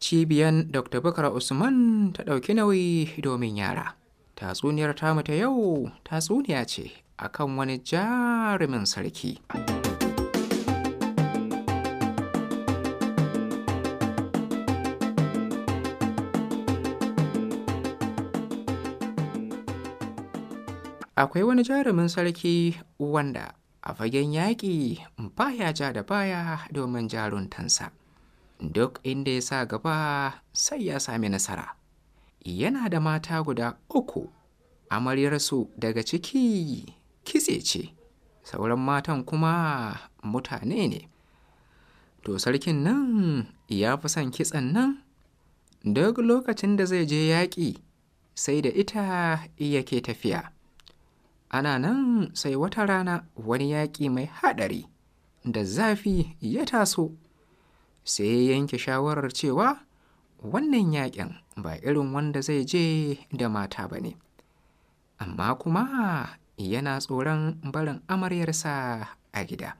cibiyan dr bakar usman ta ɗauki nauyi domin yara tatsuniyar tamu ta yau tatsuniya ce akan wani jarumin sarki akwai wani jarumin sarki wanda a fagen yaƙi baya ja da baya domin jaruntansa duk inda ya sa gaba sai ya sami nasara yana da mata guda uku amaryarsu daga ciki kitse ce sauran matan kuma mutane ne to sarkin nan ya fi son kitsen nan duk lokacin da zai je yaƙi sai da ita yake tafiya ana nan sai wata rana wani yaƙi mai haɗari da zafi ya taso sai ya yanke shawarar cewa wannan yaƙin ba irin wanda zai je da mata ba ne amma kuma yana tsoron barin amaryarsa a gida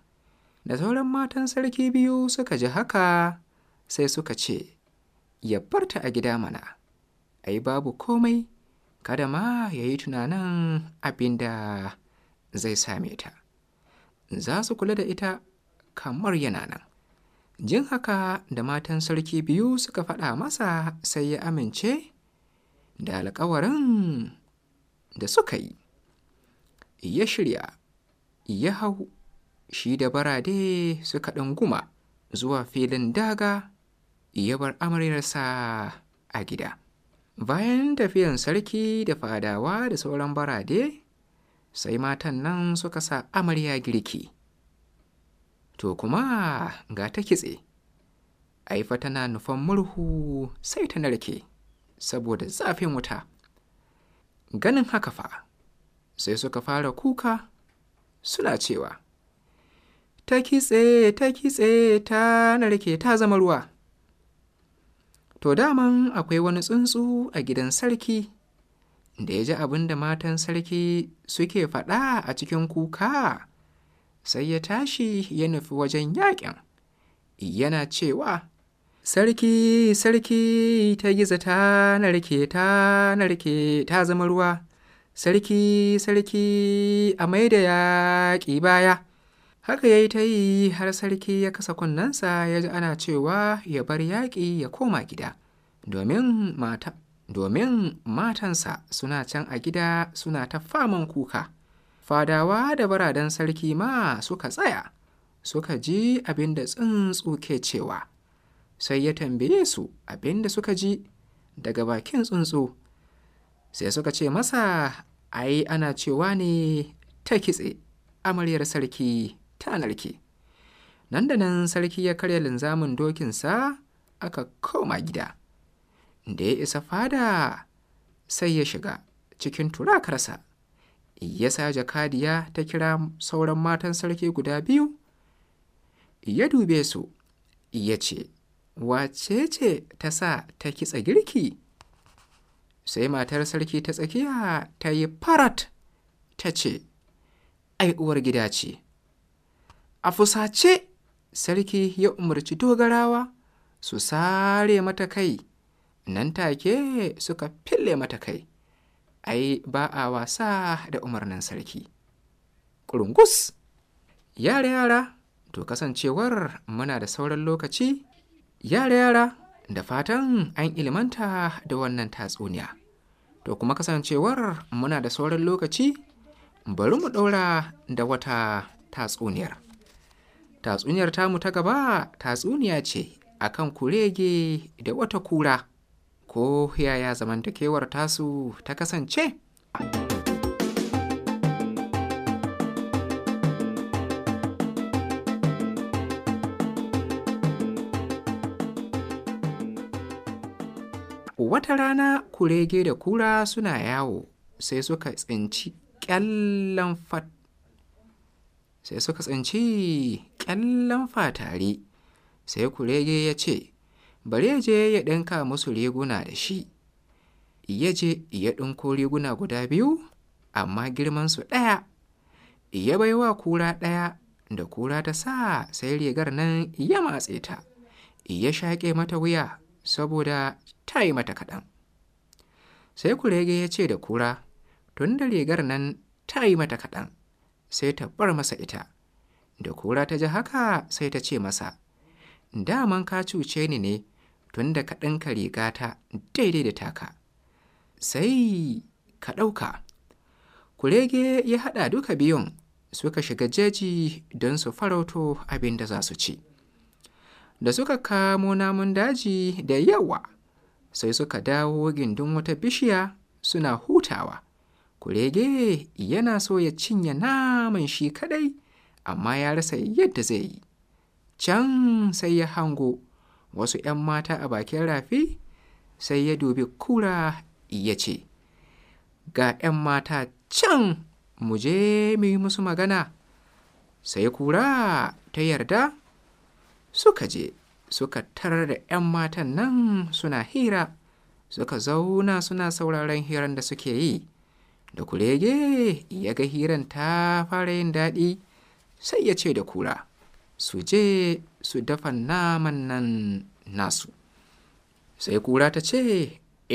da sauran matan sarki biyu suka ji haka sai suka ce ya barta a gida mana ai babu komai kada ma ya yi tunanin abin da zai same ta za su kula da ita kamar yana nan jin haka da matan sarki biyu suka faɗa masa sai ya amince da alkawarin da suka yi ya shirya ya hau shi da barade suka ɗanguma zuwa filin daga ya bar amaryarsa a gida bayan tafiyan sarki da fadawa da sauran barade sai matan nan suka sa amarya girki to kuma ga ta kitse aifa tana nufan murhu sai ta narke saboda zafin wuta ganin haka fa sai suka fara kuka suna cewa ta kitse ta kitse ta narke ta zama ruwa to daman akwai wani tsuntsu a gidan sarki da ya ji abin da matan sarki suke faɗa a cikin kuka sai ya tashi ya nufi wajen yaƙin yana cewa sarki sarki ta giza ta narke ta narke ta zama ruwa sarki sarki a mai da yaƙi baya haka ya yi ta yi har sarki ya kasa kunnensa ya ji ana cewa ya bar yaƙi ya koma gida domin mata domin matansa suna can a gida suna ta faman kuka fadawa da baradan sarki ma suka tsaya suka ji abin da tsuntsu ke cewa sai ya tambaye su abin da suka ji daga bakin tsuntsu sai suka ce masa ai ana cewa ne ta kitse amaryar sarki ta narki nan da nan sarki ya karya linzamin dokinsa aka koma gida da ya isa fada sai ya shiga cikin turakarsa ya sa jakadiya ta kira sauran matan sarki guda biyu ya dube su ya ce wace ce ta sa ta kitsa girki sai matar sarki ta tsakiya ta yi farat ta ce ai uwar gida ce a fusace sarki ya umarci dogarawa su sare mata kai nan take suka fille mata kai ai ba a wasa da umarnin sarki Ƙungus, yara yara to kasancewar muna da sauran lokaci yara yara da fatan an ilimanta da wannan tatsuniya to kuma kasancewar muna da sauran lokaci bari mu ɗaura da wata tatsuniyar tatsuniyar tamu ta gaba tatsuniya ce akan kurege da wata kura ko yaya zamantakewar tasu ta kasance wata rana kurege da kura suna yawo sai suka tsinci kyallon fat sai suka tsinci fatare sai kurege ya ce bare je ya ɗinka musu riguna da shi iya je iya ɗinko riguna guda biyu amma girmansu ɗaya iya baiwa kura ɗaya da kura ta sa sai rigar nan ya matse ta iya shaƙe mata wuya saboda ta yi mata kaɗan sai kurege ya ce da kura tun da rigar nan ta yi mata kaɗan sai ta bar masa ita da kura ta ji haka sai ta ce masa daman ka cuce ni ne tunda ka ɗinka riga ta daidai da taka sai ka ɗauka kurege ya haɗa duka biyun suka shiga jeji don su farauto abin da za su ci da suka kamo namun daji da yawa sai suka dawo gindin wata bishiya suna hutawa kurege yana so ya cinye naman shi kadai amma ya rasa yadda zai yi can sai ya hango wasu 'yan mata a bakin rafi sai ya dubi kura ya ce ga 'yan mata can mu je mu yi musu magana sai kura ta yarda suka je suka tarar da 'yan matan nan suna hira suka zauna suna sauraron hiran da suke yi da kurege ya ga hiran ta fara yin daɗi sai ya ce da kura su je su dafa naman nan nasu sai kura ta ce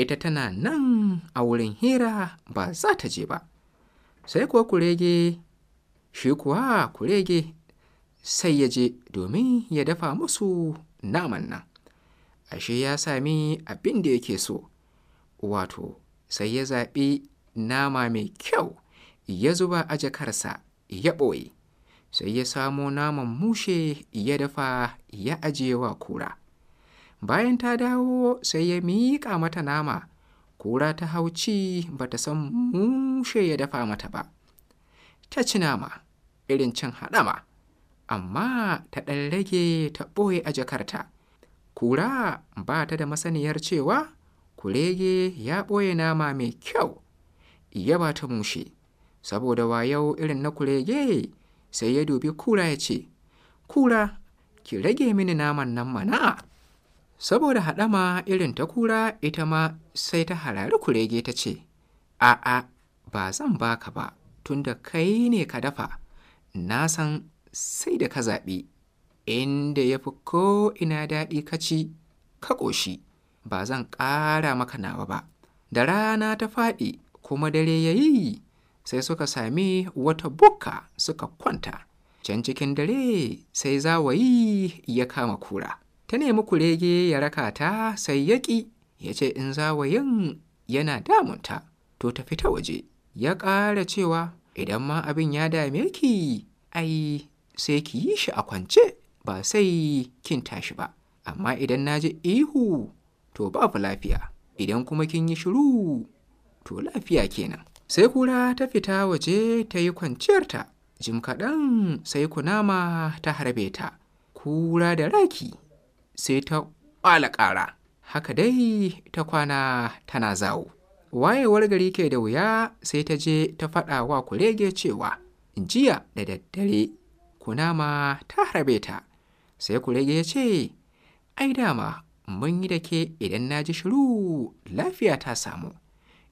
ita tana nan a wurin hira ba za ta je ba sai kuwa kurege shi kuwa kurege sai ya je domin ya dafa musu naman nan ashe ya sami abin da yake so wato sai ya zaɓi nama mai kyau ya zuba a jakarsa ya ɓoye sai ya samo naman mushe ya dafa ya ajiye wa kura bayan ta dawo sai ya miƙa mata nama kura ta hauci ba ta san mushe ya dafa mata ba ta ci nama irin cin haɗama amma ta ɗan rage ta ɓoye a jakarta kura ba ta da masaniyar cewa kurege ya ɓoye nama mai kyau ya ba ta mushe saboda wayau irin na kurege sai ya dubi kura ya ce kura ki rage mini naman nan mana saboda haɗama irin ta kura ita ma sai ta harari kurege ta ce a'a ba zan baka ba tunda kai ne ka dafa na san sai da ka zaɓi inda ya fi ina daɗi ka ci ka ƙoshi ba zan ƙara maka nawa ba da rana ta faɗi kuma dare ya yi sai suka sami wata bukka suka kwanta can cikin dare sai zawayi ya kama kura ta nemi kurege ya raka ta sai ya ƙi ya ce in zawayin yana damunta to ta fita waje ya ƙara cewa idan ma abin ya dame ki ai sai ki yi shi a kwance ba sai kin tashi ba amma idan na ji ihu to babu lafiya idan kuma kin yi shiru to lafiya kenan sai kura ta fita waje ta yi kwanciyarta jim kaɗan sai kunama ta harbe ta kura da raki sai ta ƙwala ƙara haka dai ta kwana tana zawo wayewar gari ke da wuya sai ta je ta faɗa wa kurege cewa jiya da daddare kunama ta harbe ta sai kurege ya ce ai dama mun yi da ke idan na ji shiru lafiya ta samu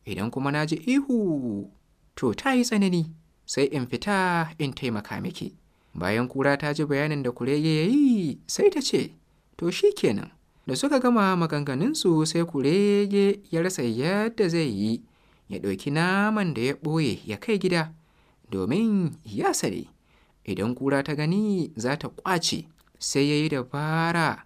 idan kuma na ji ihu to ta yi tsanani sai in fita in taimaka miki bayan kura ta ji bayanin da kurege ya yi sai ta ce to shi kenan da suka gama maganganunsu sai kurege ya rasa yadda zai yi ya ɗauki naman da ya ɓoye ya kai gida domin ya sare idan kura ta gani za ta ƙwace sai ya yi dabara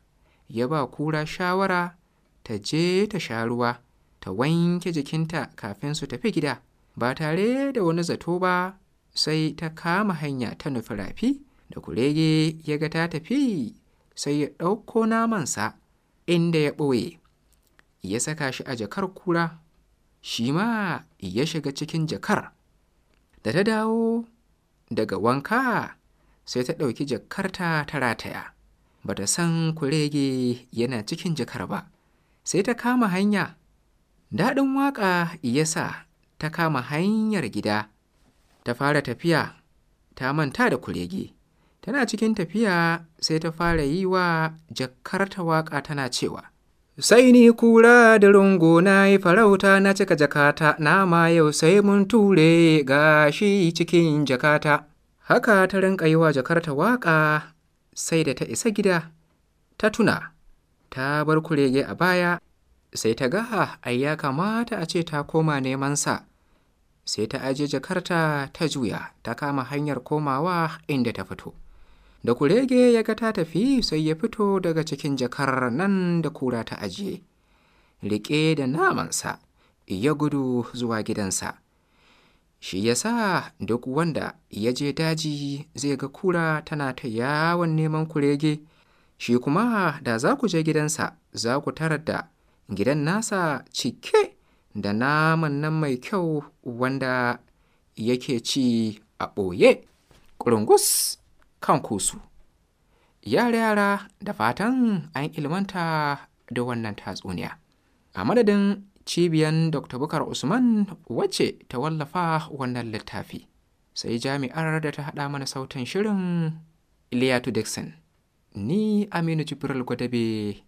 ya ba kura shawara ta je ta sha ruwa ta wanke jikinta kafin su tafi gida ba tare da wani zato ba sai ta kama hanya ta nufi rafi da kurege ya ga ta tafi sai ya ɗauko namansa inda ya ɓoye ya saka shi a jakar kura shi ma ya shiga cikin jakar da ta dawo daga wanka sai ta ɗauki jakarta ta rataya ba ta san kurege yana cikin jakar ba sai ta kama hanya Daɗin waƙa iya sa ta kama hanyar gida, ta fara tafiya, ta manta da kurege. Tana cikin tafiya sai ta fara yi wa jakarta waƙa tana cewa, Sai ni kura da rungo na yi farauta na cika jakata, na ma yau sai mun ture gashi cikin jakata. Haka ta rinƙa yi wa jakarta waƙa sai da ta isa gida, ta tuna, ta bar kurege a baya sai ta ga ah, ai ya kamata a ce ta koma neman sa sai ta aje jakarta ta juya ta kama hanyar komawa inda ta fito da kurege ya ga ta tafi sai ya fito daga cikin jakar nan da kura ta ajiye riƙe da namansa ya gudu zuwa gidansa shi ya sa duk wanda ya je daji zai ga kura tana ta yawon neman kurege shi kuma da za ku je gidansa za ku tarar da gidan nasa cike da naman nan mai kyau wanda yake ci a ɓoye ƙurungus kan kusu yara yara da fatan an ilmanta da wannan tatsuniya a madadin cibiyan dr bukar usman wacce ta wallafa wannan littafi sai jami'ar da ta haɗa mana sautin shirin iliyatu dixon ni aminu jibril gwadabe